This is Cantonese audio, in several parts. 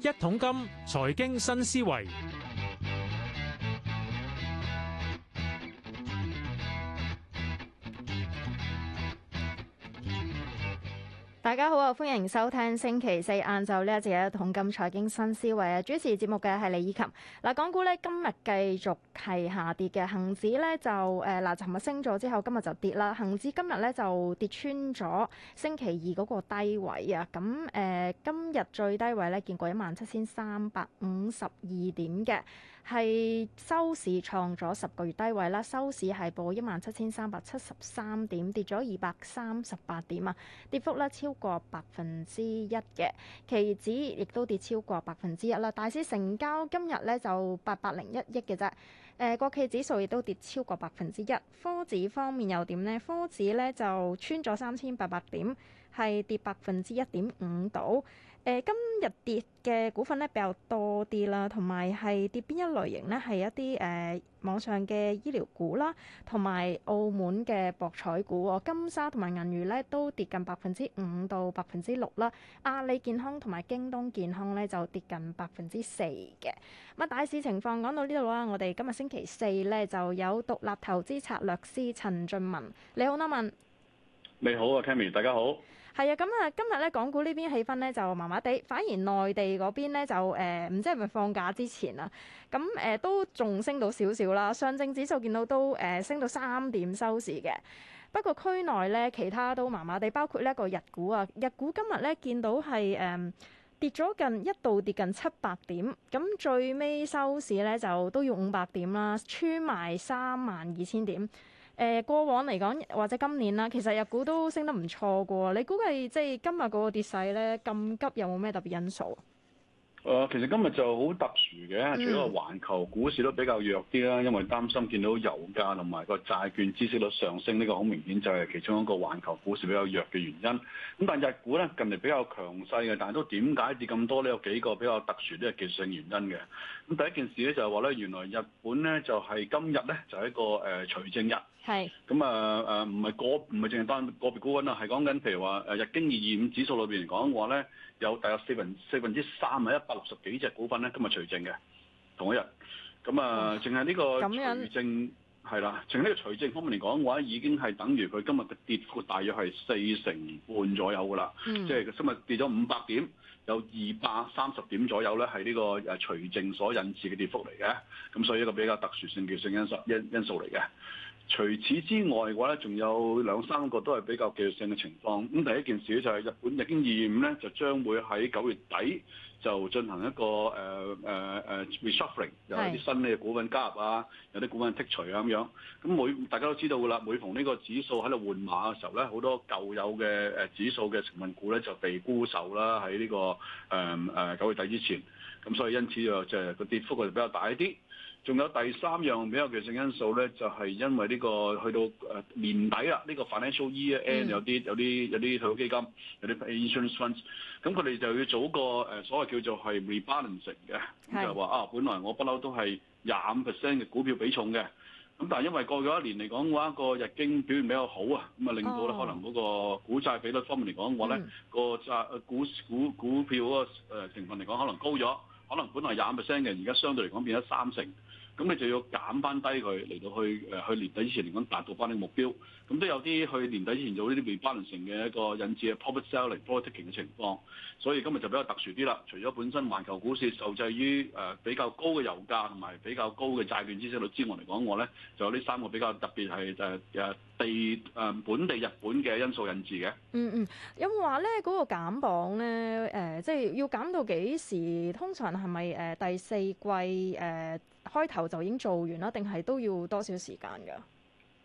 一桶金，財經新思維。大家好啊，歡迎收聽星期四晏晝呢一節《統金財經新思維》啊！主持節目嘅係李依琴。嗱、啊，港股咧今日繼續係下跌嘅，恒指咧就誒嗱，尋、呃、日升咗之後，今日就跌啦。恒指今日咧就跌穿咗星期二嗰個低位啊！咁、呃、誒，今日最低位咧見過一萬七千三百五十二點嘅。係收市創咗十個月低位啦，收市係報一萬七千三百七十三點，跌咗二百三十八點啊，跌幅咧超過百分之一嘅。期指亦都跌超過百分之一啦。大市成交今日咧就八百零一億嘅啫。誒、呃，國企指數亦都跌超過百分之一。科指方面又點呢？科指咧就穿咗三千八百點，係跌百分之一點五度。今日跌嘅股份咧比較多啲啦，同埋係跌邊一類型呢？係一啲誒、呃、網上嘅醫療股啦，同埋澳門嘅博彩股。金沙同埋銀娛咧都跌近百分之五到百分之六啦。阿里健康同埋京東健康咧就跌近百分之四嘅。咁啊，大市情況講到呢度啦。我哋今日星期四咧就有獨立投資策略師陳俊文，你好，阿文。你好啊，Kami，大家好。係啊，咁啊，今日咧港股呢邊氣氛咧就麻麻地，反而內地嗰邊咧就誒，唔、呃、知係咪放假之前啊？咁、呃、誒都仲升到少少啦，上證指數見到都誒、呃、升到三點收市嘅。不過區內咧其他都麻麻地，包括呢一個日股啊，日股今日咧見到係誒、呃、跌咗近一度，跌近七百點，咁最尾收市咧就都要五百點啦，穿埋三萬二千點。誒、呃、過往嚟講或者今年啦，其實日股都升得唔錯㗎喎。 你估計即係、就是、今日嗰個跌勢咧咁急，有冇咩特別因素？誒，其實今日就好特殊嘅，除咗個環球股市都比較弱啲啦，因為擔心見到油價同埋個債券孳息率上升呢、這個好明顯，就係其中一個環球股市比較弱嘅原因。咁但係日股咧近嚟比較強勢嘅，但係都點解跌咁多呢？有、這個、幾個比較特殊啲嘅技術性原因嘅。咁第一件事咧就係話咧，原來日本咧就係、是、今日咧就係、是、一個誒除淨日。係是。咁啊誒，唔、呃、係、呃呃、個唔係淨係單個，個別股銀啊，係講緊譬如話誒日經二二五指數裏邊嚟講嘅話咧。有大約四分四分之三啊，一百六十幾隻股份咧，今日除淨嘅，同一日，咁啊，淨係呢個除淨係啦，淨係呢個除淨方面嚟講嘅話，已經係等於佢今日嘅跌幅大約係四成半左右噶啦，嗯、即係今日跌咗五百點，有二百三十點左右咧，係呢個誒除淨所引致嘅跌幅嚟嘅，咁所以一個比較特殊性嘅性因素因因素嚟嘅。除此之外嘅話咧，仲有兩三個都係比較技術性嘅情況。咁第一件事咧就係日本日經25咧就將會喺九月底就進行一個誒誒、呃、誒、呃、reshuffling，有啲新嘅股份加入啊，有啲股份剔除啊咁樣。咁每大家都知道嘅啦，每逢呢個指數喺度換馬嘅時候咧，好多舊有嘅誒指數嘅成分股咧就被沽售啦，喺呢個誒誒九月底之前。咁所以因此就即係個跌幅就比較大一啲。仲有第三樣比較決定性因素咧，就係、是、因為呢、這個去到誒年底啦，呢、這個 financial year end、嗯、有啲有啲有啲退休基金有啲 insurance funds，咁佢哋就要做個誒所謂叫做係 rebalancing 嘅，就係話啊，本來我不嬲都係廿五 percent 嘅股票比重嘅，咁但係因為過咗一年嚟講嘅話，個日經表現比較好啊，咁啊令到咧可能嗰個股債比率方面嚟講話呢，我咧個債股股股票嗰個誒成分嚟講，可能高咗。可能本來廿五 percent 嘅，而家相對嚟講變咗三成，咁你就要減翻低佢嚟到去誒去年底之前嚟講達到翻啲目標，咁都有啲去年底之前做呢啲 rebalancing 嘅一個引致嘅 public sale 嚟 profit taking 嘅情況，所以今日就比較特殊啲啦。除咗本身環球股市受制於誒比較高嘅油價同埋比較高嘅債券孳息率之外嚟講，我咧就有呢三個比較特別係誒誒地誒本地日本嘅因素引致嘅。嗯嗯，有冇話咧嗰個減磅咧誒？即係要減到幾時？通常。係咪誒第四季誒、呃、開頭就已經做完啦？定係都要多少時間㗎？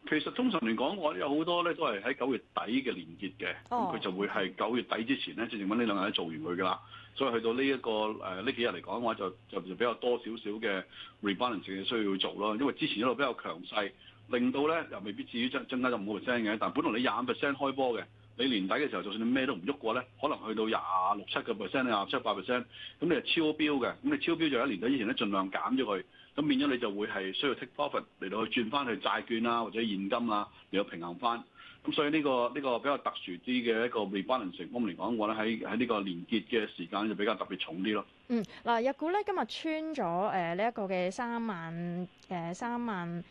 其實通常嚟講，我有好多咧都係喺九月底嘅連結嘅，咁、嗯、佢、哦、就會係九月底之前咧，正正揾呢兩日都做完佢㗎啦。所以去到呢、這、一個誒呢、呃、幾日嚟講嘅話，就就比較多少少嘅 rebalance 嘅需要做咯。因為之前一路比較強勢，令到咧又未必至於增增加到五 percent 嘅，但係本來你廿五 percent 開波嘅。你年底嘅時候，就算你咩都唔喐過咧，可能去到廿六七個 percent、廿七八 percent，咁你係超標嘅。咁你超標就喺年底之前咧，盡量減咗佢，咁變咗你就會係需要 take profit 嚟到去轉翻去債券啊，或者現金啊，嚟到平衡翻。咁所以呢個呢個比較特殊啲嘅一個 rebalancing 我嚟講話咧喺喺呢個年結嘅時間就比較特別重啲咯。嗯，嗱、呃，日股咧今日穿咗誒呢一個嘅三萬誒三萬。呃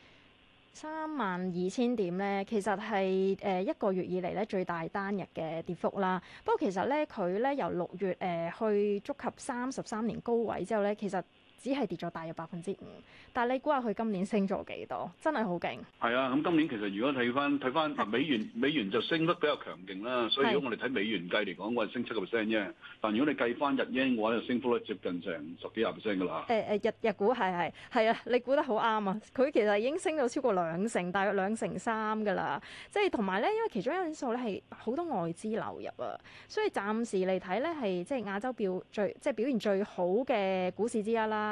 三萬二千點咧，其實係誒一個月以嚟咧最大單日嘅跌幅啦。不過其實咧，佢咧由六月誒、呃、去觸及三十三年高位之後咧，其實～只係跌咗大約百分之五，但係你估下佢今年升咗幾多？真係好勁！係啊，咁今年其實如果睇翻睇翻美元，是美元就升得比較強勁啦。所以如果我哋睇美元計嚟講，我係升七個 percent 啫。但如果你計翻日經嘅話，就升幅接近成十幾廿 percent 噶啦。誒誒、呃呃，日日股係係係啊，你估得好啱啊！佢其實已經升到超過兩成，大約兩成三噶啦。即係同埋咧，因為其中一因素咧係好多外資流入啊，所以暫時嚟睇咧係即係亞洲表最即係、就是、表現最好嘅股市之一啦。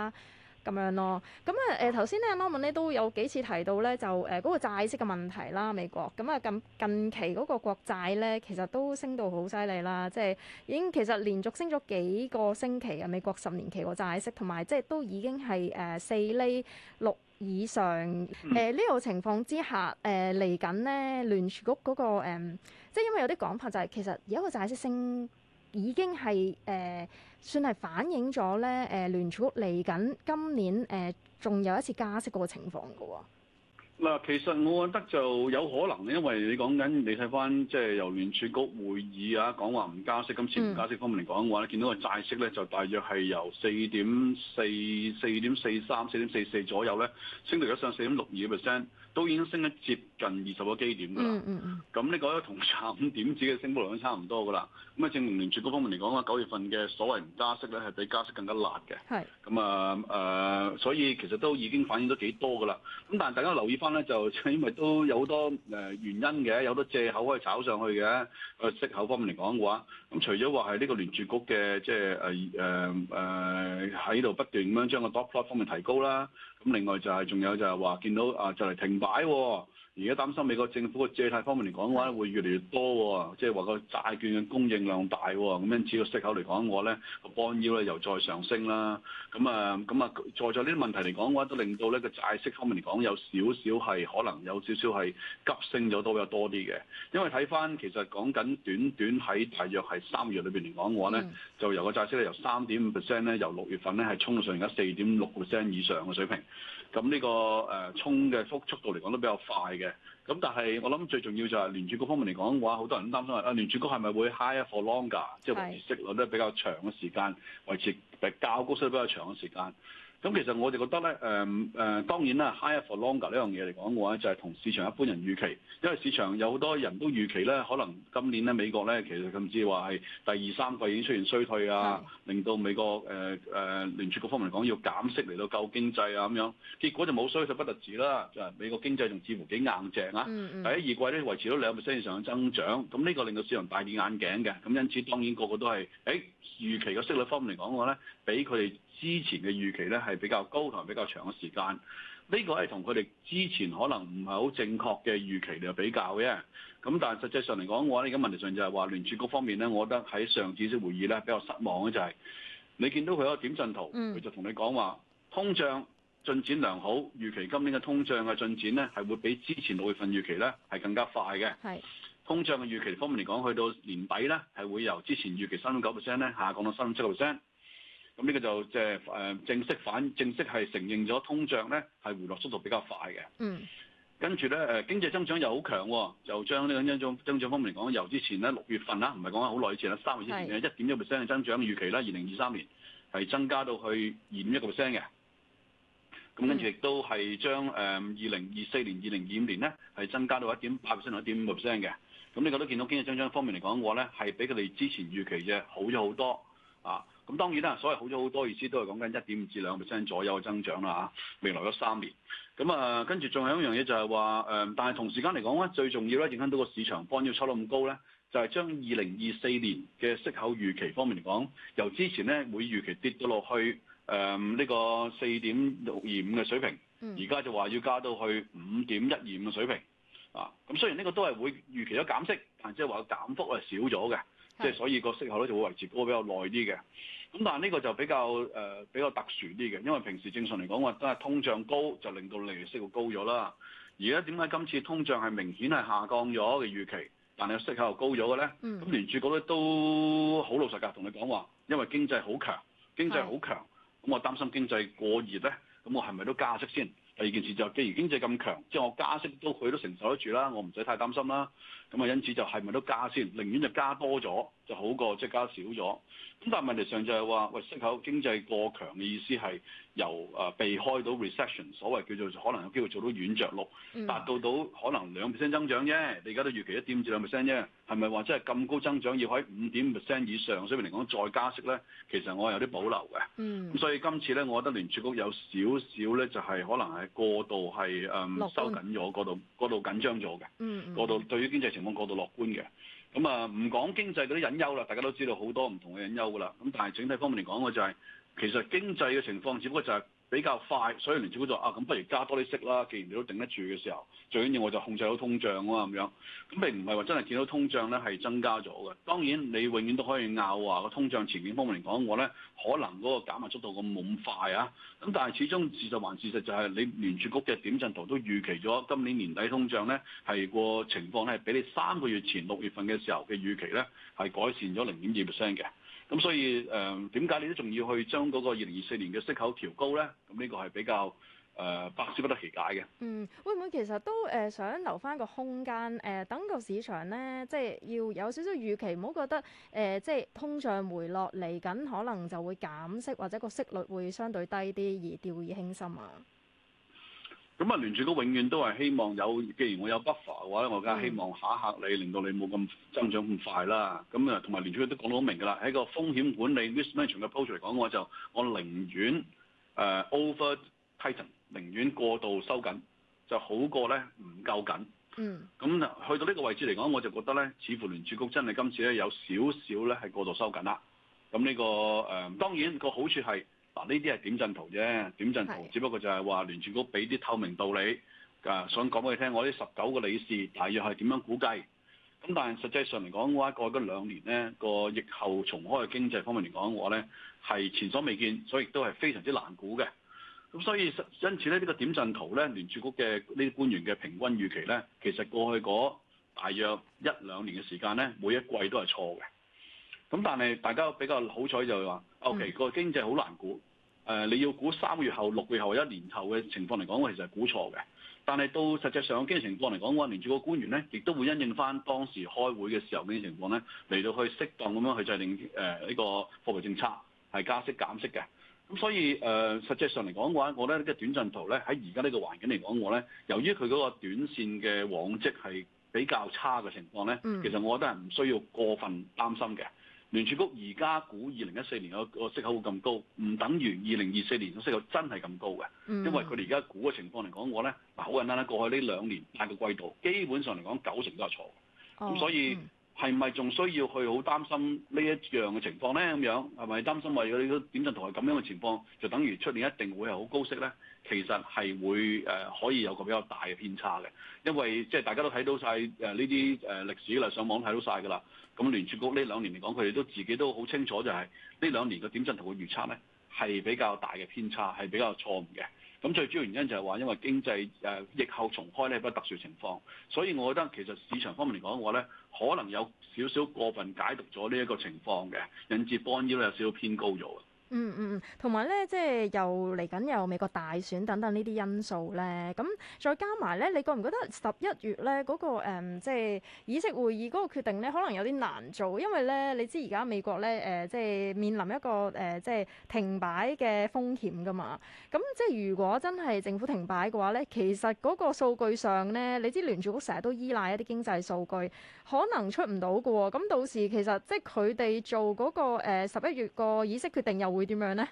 咁樣咯，咁啊誒頭先咧 moment 咧都有幾次提到咧，就誒嗰個債息嘅問題啦，美國咁啊近近期嗰個國債咧，其實都升到好犀利啦，即係已經其實連續升咗幾個星期啊，美國十年期個債息同埋即係都已經係誒四厘六以上誒呢、 呃呢個情況之下誒嚟緊咧聯儲局嗰、個即係、呃就係、因為有啲講法就係其實而家個債息升已經係誒。呃算係反映咗咧，誒、呃、聯儲局嚟緊今年誒仲、呃、有一次加息嗰個情況嘅喎、哦。嗱，其實我覺得就有可能因為你講緊你睇返即係由聯儲局會議啊講話唔加息，今次唔加息方面嚟講嘅話咧，嗯、見到個債息咧就大約係由四點四四點四三、四點四四左右咧，升到咗上四點六二 percent。都已經升咗接近二十個基點㗎啦，咁呢個咧同廿五點子嘅升幅都差唔多㗎啦。咁啊，證明連住嗰方面嚟講啊，九月份嘅所謂唔加息咧，係比加息更加辣嘅。係咁啊，誒、嗯呃，所以其實都已經反映咗幾多㗎啦。咁但係大家留意翻咧，就因為都有好多誒原因嘅，有好多借口可以炒上去嘅，誒息口方面嚟講嘅話。咁除咗話係呢個聯儲局嘅，即係誒誒誒喺度不斷咁樣將個 dot plot 方面提高啦，咁另外就係、是、仲有就係、是、話見到啊就嚟停擺喎。而家擔心美國政府嘅借貸方面嚟講嘅話，會越嚟越多、哦，即係話個債券嘅供應量大、哦，咁因此個息口嚟講嘅話咧，個磅腰咧又再上升啦。咁啊，咁啊，在在呢啲問題嚟講嘅話，都令到呢個債息方面嚟講有少少係可能有少少係急升咗都比較多啲嘅。因為睇翻其實講緊短短喺大約係三月裏邊嚟講嘅話咧，嗯、就由個債息咧由三點五 percent 咧，由六月份咧係衝上而家四點六 percent 以上嘅水平。咁呢個誒衝嘅速速度嚟講都比較快嘅，咁但係我諗最重要就係聯儲局方面嚟講嘅話，好多人擔心係啊聯儲局係咪會 high for longer，即係維持息率都比較長嘅時間維持，誒較高息率比較長嘅時間。咁其實我哋覺得咧，誒、嗯、誒、呃，當然啦，higher for longer 呢樣嘢嚟講嘅話，就係、是、同市場一般人預期，因為市場有好多人都預期咧，可能今年咧美國咧其實甚至話係第二、三季已經出現衰退啊，是的 令到美國誒誒、呃呃、聯儲局方面嚟講要減息嚟到救經濟啊咁樣，結果就冇衰就不特止啦，就係美國經濟仲似乎幾硬淨啊，嗯嗯第一呢、二季咧維持到兩 percent 以上嘅增長，咁呢個令到市場大跌眼鏡嘅，咁因此當然個個個都係，誒、欸。預期嘅息率方面嚟講嘅話咧，比佢哋之前嘅預期咧係比較高同埋比較長嘅時間。呢個係同佢哋之前可能唔係好正確嘅預期嚟比較嘅。咁但係實際上嚟講，我喺呢個問題上就係話聯儲局方面咧，我覺得喺上一次會議咧比較失望嘅就係你見到佢個點陣圖，佢就同你講話通脹進展良好，預期今年嘅通脹嘅進展咧係會比之前六月份預期咧係更加快嘅。係。通脹嘅預期方面嚟講，去到年底咧係會由之前預期三點九 percent 咧下降到三點七 percent。咁呢個就即係誒正式反正式係承認咗通脹咧係回落速度比較快嘅。嗯，跟住咧誒經濟增長又好強，哦，就將呢個增長增長方面嚟講，由之前咧六月份啦，唔係講好耐以前啦，三月之前嘅一點一 percent 嘅增長預期啦，二零二三年係增加到去二點一個 percent 嘅。咁、嗯、跟住亦都係將誒二零二四年、二零二五年咧係增加到一點八 percent 同一點五 percent 嘅。咁你覺得見到經濟增長方面嚟講嘅話咧，係比佢哋之前預期嘅好咗好多啊！咁當然啦，所謂好咗好多意思，都係講緊一點五至兩個 percent 左右增長啦嚇、啊。未來咗三年，咁啊，跟住仲有一樣嘢就係話誒，但係同時間嚟講咧，最重要咧，影響到個市場方要程度咁高咧，就係、是、將二零二四年嘅息口預期方面嚟講，由之前咧每預期跌咗落去誒呢、嗯這個四點六二五嘅水平，而家就話要加到去五點一二五嘅水平。咁雖然呢個都係會預期咗減息，但即係話減幅係少咗嘅，即係所以個息口咧就會維持高比較耐啲嘅。咁但係呢個就比較誒、呃、比較特殊啲嘅，因為平時正常嚟講，話都係通脹高就令到利率息口高咗啦。而家點解今次通脹係明顯係下降咗嘅預期，但係個息口又高咗嘅咧？咁聯儲局咧都好老實㗎，同你講話，因為經濟好強，經濟好強，咁是我擔心經濟過熱咧，咁我係咪都加息先？第二件事就，既然經濟咁強，即係我加息都佢都承受得住啦，我唔使太擔心啦。咁啊，因此就係咪都加先，寧願就加多咗。就好過即係加少咗，咁但係問題上就係話，喂，息口經濟過強嘅意思係由誒、呃、避開到 recession，所謂叫做可能有機會做到軟着陸，達、嗯、到到可能兩 percent 增長啫。你而家都預期一點至兩 percent 啫，係咪話真係咁高增長要喺五點五 percent 以上所以嚟講再加息咧？其實我係有啲保留嘅。嗯。咁所以今次咧，我覺得聯儲局有少少咧，就係、是、可能係過度係誒、嗯、官收緊咗，過度過度緊張咗嘅。嗯。過度對於經濟情況過度樂觀嘅。度咁啊，唔講經濟嗰啲隱憂啦，大家都知道好多唔同嘅隱憂噶啦。咁但係整體方面嚟講，就是，我就係。其實經濟嘅情況只不過就係比較快，所以聯儲局就話啊，咁不如加多啲息啦。既然你都頂得住嘅時候，最緊要我就控制通、啊、到通脹啊咁樣。咁並唔係話真係見到通脹咧係增加咗嘅。當然你永遠都可以拗話個通脹前景方面嚟講，我咧可能嗰個減壓速度咁冇咁快啊。咁但係始終事實還事實，就係你聯儲局嘅點陣圖都預期咗今年年底通脹咧係個情況咧係比你三個月前六月份嘅時候嘅預期咧係改善咗零點二 percent 嘅。咁所以誒點解你都仲要去將嗰個二零二四年嘅息口調高咧？咁呢個係比較誒百思不得其解嘅。嗯，會唔會其實都誒、呃、想留返個空間誒、呃，等個市場咧，即係要有少少預期，唔好覺得誒、呃、即係通脹回落嚟緊，可能就會減息或者個息率會相對低啲而掉以輕心啊？咁啊，聯儲局永遠都係希望有，既然我有不凡嘅話咧，我梗係希望嚇嚇你，令到你冇咁增長咁快啦。咁啊，同埋聯儲局都講到好明㗎啦，喺個風險管理 （risk、mm hmm. m a n a g e n 嘅 p o s t 嚟講我就我寧願誒、uh, over tighten，寧願過度收緊，就好過咧唔夠緊。嗯、mm。咁、hmm. 去到呢個位置嚟講，我就覺得咧，似乎聯儲局真係今次咧有少少咧係過度收緊啦。咁呢、這個誒、呃，當然個好處係。嗱呢啲係點陣圖啫，點陣圖，只不過就係話聯儲局俾啲透明道理，啊想講俾你聽，我呢十九個理事大約係點樣估計？咁但係實際上嚟講嘅話，過咗兩年呢個疫後重開嘅經濟方面嚟講，我呢咧，係前所未見，所以亦都係非常之難估嘅。咁所以因此呢，呢、呢個點陣圖呢，聯儲局嘅呢啲官員嘅平均預期呢，其實過去嗰大約一兩年嘅時間呢，每一季都係錯嘅。咁但係大家比較好彩就係話、嗯、，O.K. 個經濟好難估。誒，你要估三個月後、六月後、一年後嘅情況嚟講，我其實係估錯嘅。但係到實際上嘅經濟情況嚟講，嘅話，連住個官員咧，亦都會因應翻當時開會嘅時候嗰啲情況咧，嚟到去適當咁樣去制定誒呢、呃呢個貨幣政策，係加息減息嘅。咁所以誒、呃，實際上嚟講嘅話，我覺得進呢啲點陣圖咧，喺而家呢個環境嚟講，我咧由於佢嗰個短線嘅往績係比較差嘅情況咧，其實我覺得係唔需要過分擔心嘅。聯儲局而家估二零一四年個息口會咁高，唔等於二零二四年個息口真係咁高嘅，因為佢哋而家估嘅情況嚟講，我呢，嗱好簡單啦，過去呢兩年八個季度，基本上嚟講九成都係錯，咁、哦、所以。嗯係咪仲需要去好擔心呢一樣嘅情況咧？咁樣係咪擔心話如果點陣圖係咁樣嘅情況，就等於出年一定會係好高息咧？其實係會誒、呃、可以有個比較大嘅偏差嘅，因為即係、就是、大家都睇到晒誒呢啲誒歷史嚟上網睇到晒㗎啦。咁聯儲局呢兩年嚟講，佢哋都自己都好清楚就係、是、呢兩年個點陣圖嘅預測咧，係比較大嘅偏差，係比較錯誤嘅。咁最主要原因就係話，因為經濟誒疫後重開呢不特殊情況，所以我覺得其實市場方面嚟講嘅話咧，可能有少少過分解讀咗呢一個情況嘅，引致 bond yield 有少少偏高咗。嗯嗯嗯，同埋咧，即係又嚟緊有美國大選等等呢啲因素咧，咁再加埋咧，你覺唔覺得十一月咧嗰、那個誒、嗯、即係議息會議嗰個決定咧，可能有啲難做，因為咧你知而家美國咧誒、呃、即係面臨一個誒、呃、即係停擺嘅風險噶嘛，咁即係如果真係政府停擺嘅話咧，其實嗰個數據上咧，你知聯儲局成日都依賴一啲經濟數據可能出唔到嘅，咁到時其實即係佢哋做嗰、那個誒十一月個議息決定又會點樣咧？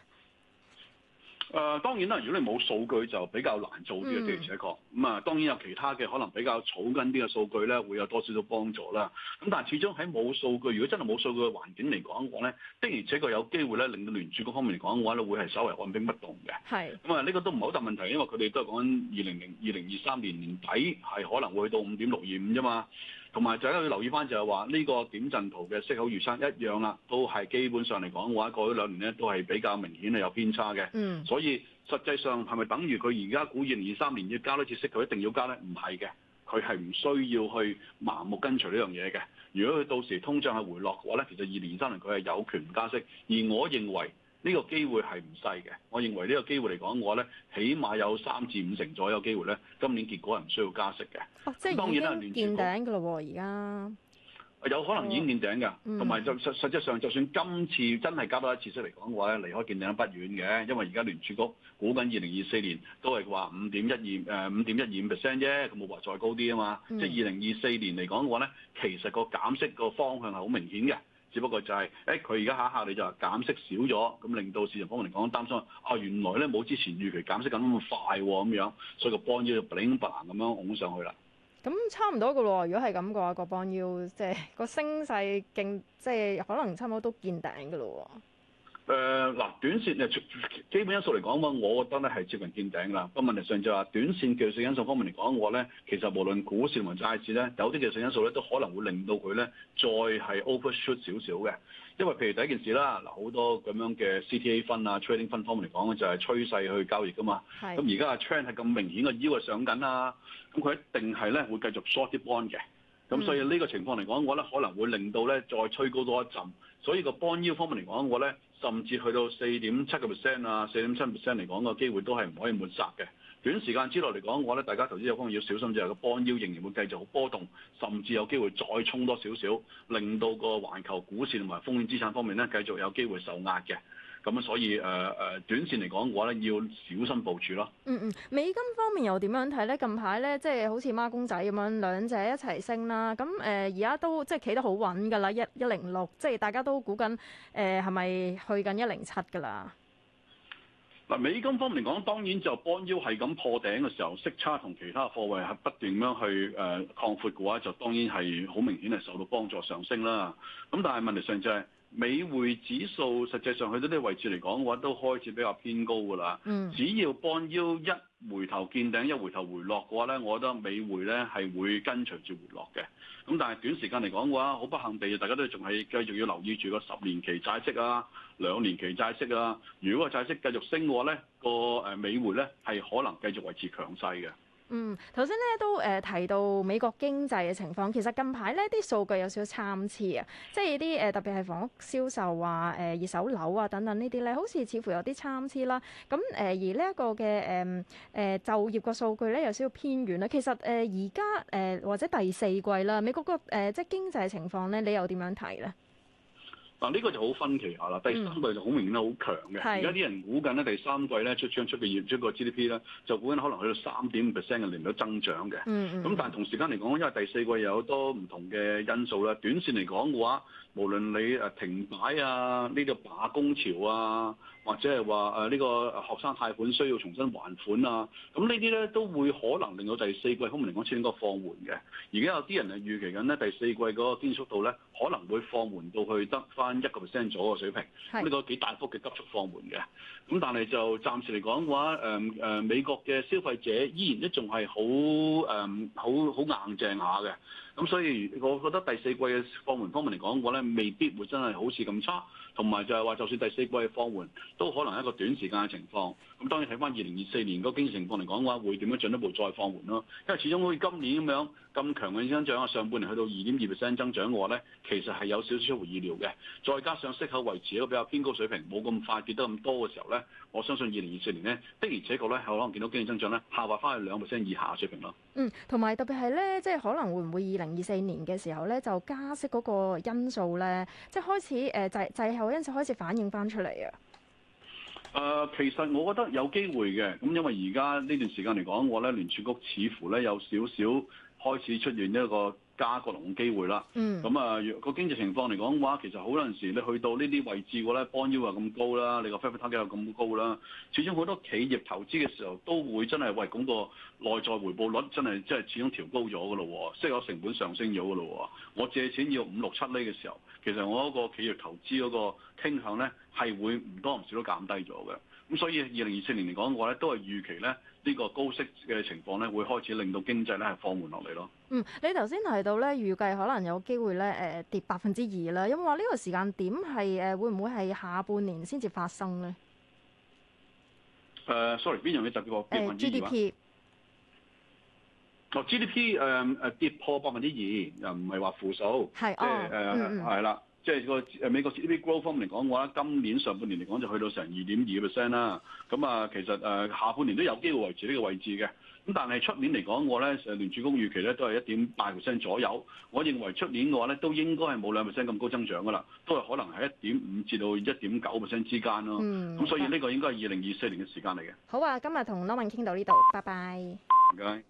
誒、呃，當然啦，如果你冇數據就比較難做啲嘅，的而且確。咁啊、嗯，當然有其他嘅可能比較草根啲嘅數據咧，會有多少少幫助啦。咁但係始終喺冇數據，如果真係冇數據嘅環境嚟講一講咧，的而且確有機會咧令到聯儲局方面嚟講嘅話咧，會係稍為按兵不動嘅。係是。咁啊、嗯、呢、嗯呢個都唔係好大問題，因為佢哋都係講緊二零零二零二三年年底係可能會去到五點六二五啫嘛。同埋大家要留意翻，就係話呢個點陣圖嘅息口預測一樣啦，都係基本上嚟講嘅話，過咗兩年咧都係比較明顯係有偏差嘅。嗯，所以實際上係咪等於佢而家估二零二三年要加多次息，佢一定要加咧？唔係嘅，佢係唔需要去盲目跟隨呢樣嘢嘅。如果佢到時通脹係回落嘅話咧，其實二零二三年佢係有權加息。而我認為。呢個機會係唔細嘅，我認為呢個機會嚟講，我咧起碼有三至五成左右機會咧，今年結果係唔需要加息嘅。咁、哦、當然啦，聯儲局見頂嘅咯喎，而家有可能已經見頂㗎，同埋就實實際上，就算今次真係加多一次息嚟講嘅話咧，離開見頂不遠嘅，因為聯 5. 12, 5. 而家聯儲局估緊二零二四年都係話五點一二誒五點一二五 percent 啫，佢冇話再高啲啊嘛。嗯、即係二零二四年嚟講嘅話咧，其實個減息個方向係好明顯嘅。只不過就係、是，誒佢而家下下你就話減息少咗，咁令到市場方面嚟講擔心，啊原來咧冇之前預期減息咁咁快喎、啊，咁樣，所以個 bond yield 就 bling bling 咁樣拱上去啦。咁差唔多噶喎，如果係咁嘅話，個 bond yield，即係個升勢勁，即係、就是、可能差唔多都見頂噶咯喎。誒嗱、呃，短線誒基本因素嚟講啊，我覺得咧係接近見頂㗎啦。但問題上就係、是、話，短線技術性因素方面嚟講，我咧其實無論股市同埋債市咧，有啲技術性因素咧都可能會令到佢咧再係 overshoot 少少嘅。因為譬如第一件事啦，嗱好多咁樣嘅 C T A 分啊、trading 分方面嚟講，就係趨勢去交易㗎嘛。咁而家阿 trend 係咁明顯個腰係上緊啦，咁佢一定係咧會繼續 shorting bond 嘅。咁、嗯、所以呢個情況嚟講，我咧可能會令到咧再吹高多一陣。所以個 bond 腰方面嚟講，我咧。甚至去到四點七個 percent 啊，四點七 percent 嚟講個機會都係唔可以抹殺嘅。短時間之內嚟講，我覺得大家投資有方面要小心就係個幫腰仍然會繼續好波動，甚至有機會再衝多少少，令到個環球股市同埋風險資產方面咧繼續有機會受壓嘅。咁所以誒誒，短線嚟講嘅話咧，要小心部署咯。嗯嗯，美金方面又點樣睇咧？近排咧，即係好似孖公仔咁樣，兩者一齊升啦。咁誒，而、呃、家都即係企得好穩噶啦，一一零六，即係大家都估緊誒係咪去緊一零七噶啦。嗱、嗯，美金方面嚟講，當然就幫腰係咁破頂嘅時候，息差同其他貨幣係不斷咁樣去誒、呃、擴闊嘅話，就當然係好明顯係受到幫助上升啦。咁但係問題上就係、是。美匯指數實際上去到呢個位置嚟講嘅話，都開始比較偏高㗎啦。只要幫腰一回頭見頂，一回頭回落嘅話咧，我覺得美匯咧係會跟隨住回落嘅。咁但係短時間嚟講嘅話，好不幸地，大家都仲係繼續要留意住個十年期債息啊、兩年期債息啊。如果個債息繼續升嘅話咧，個誒美匯咧係可能繼續維持強勢嘅。嗯，頭先咧都誒、呃、提到美國經濟嘅情況，其實近排咧啲數據有少少參差啊，即係啲誒特別係房屋銷售、話、呃、誒二手樓啊等等呢啲咧，好似似乎有啲參差啦。咁、啊、誒而呢一個嘅誒誒就業個數據咧有少少偏遠啦。其實誒而家誒或者第四季啦，美國個誒、呃、即係經濟嘅情況咧，你又點樣睇咧？嗱呢個就好分歧下啦，第三季就好明顯得好強嘅。而家啲人估緊咧，第三季咧出張出嘅業出個 GDP 咧，就估緊可能去到三點五 percent 嘅年率增長嘅。咁、嗯、但係同時間嚟講，因為第四季有好多唔同嘅因素啦，短線嚟講嘅話，無論你誒停擺啊，呢個罷工潮啊。或者係話誒呢個學生貸款需要重新還款啊，咁呢啲咧都會可能令到第四季方面嚟講先應該放緩嘅。而家有啲人係預期緊咧第四季嗰個經濟速度咧可能會放緩到去得翻一個 percent 左右嘅水平，呢個幾大幅嘅急速放緩嘅。咁但係就暫時嚟講嘅話，誒、呃、誒、呃、美國嘅消費者依然都仲係好誒好好硬淨下嘅。咁所以，我覺得第四季嘅放緩方面嚟講嘅話咧未必會真係好似咁差，同埋就係話，就算第四季嘅放緩，都可能係一個短時間嘅情況。咁當然睇翻二零二四年個經濟情況嚟講嘅話，會點樣進一步再放緩咯？因為始終好似今年咁樣咁強嘅增長啊，上半年去到二點二 percent 增長嘅話咧，其實係有少少出乎意料嘅。再加上息口維持一個比較偏高水平，冇咁快跌得咁多嘅時候咧，我相信二零二四年呢的而且確咧係可能見到經濟增長咧下滑翻去兩 percent 以下嘅水平咯。嗯，同埋特別係咧，即係可能會唔會二零二四年嘅時候咧，就加息嗰個因素咧，即係開始誒滯滯後因素開始反映翻出嚟啊？誒，其實我覺得有機會嘅，咁因為而家呢段時間嚟講，我咧聯儲局似乎咧有少少開始出現一個。加個龍機會啦，咁啊個經濟情況嚟講嘅話，其實好多陣時，你去到呢啲位置嘅咧，按要又咁高啦，你個 favor target 又咁高啦，始終好多企業投資嘅時候都會真係喂，咁個內在回報率真係即係始終調高咗嘅咯，息口成本上升咗嘅咯，我借錢要五六七厘嘅時候，其實我嗰個企業投資嗰個傾向咧係會唔多唔少都減低咗嘅。咁所以二零二四年嚟講嘅話咧，都係預期咧呢個高息嘅情況咧，會開始令到經濟咧係放緩落嚟咯。嗯，你頭先提到咧預計可能有機會咧誒跌百分之二啦。有冇話呢個時間點係誒會唔會係下半年先至發生咧？誒、uh，sorry，邊樣嘢就叫百分之二啊？哦、欸、GDP，誒誒、oh, um, 跌破百分之二又唔係話負數，係誒誒係啦。即係個誒美國 GDP growth form 嚟講嘅話，今年上半年嚟講就去到成二點二個 percent 啦。咁啊，其實誒下半年都有機會維持呢個位置嘅。咁但係出年嚟講嘅話，我咧聯儲局預期咧都係一點八個 percent 左右。我認為出年嘅話咧都應該係冇兩 percent 咁高增長㗎啦，都係可能係一點五至到一點九 percent 之間咯。咁、嗯、所以呢個應該係二零二四年嘅時間嚟嘅。好啊，今日同 Norman 傾到呢度，拜拜。唔該。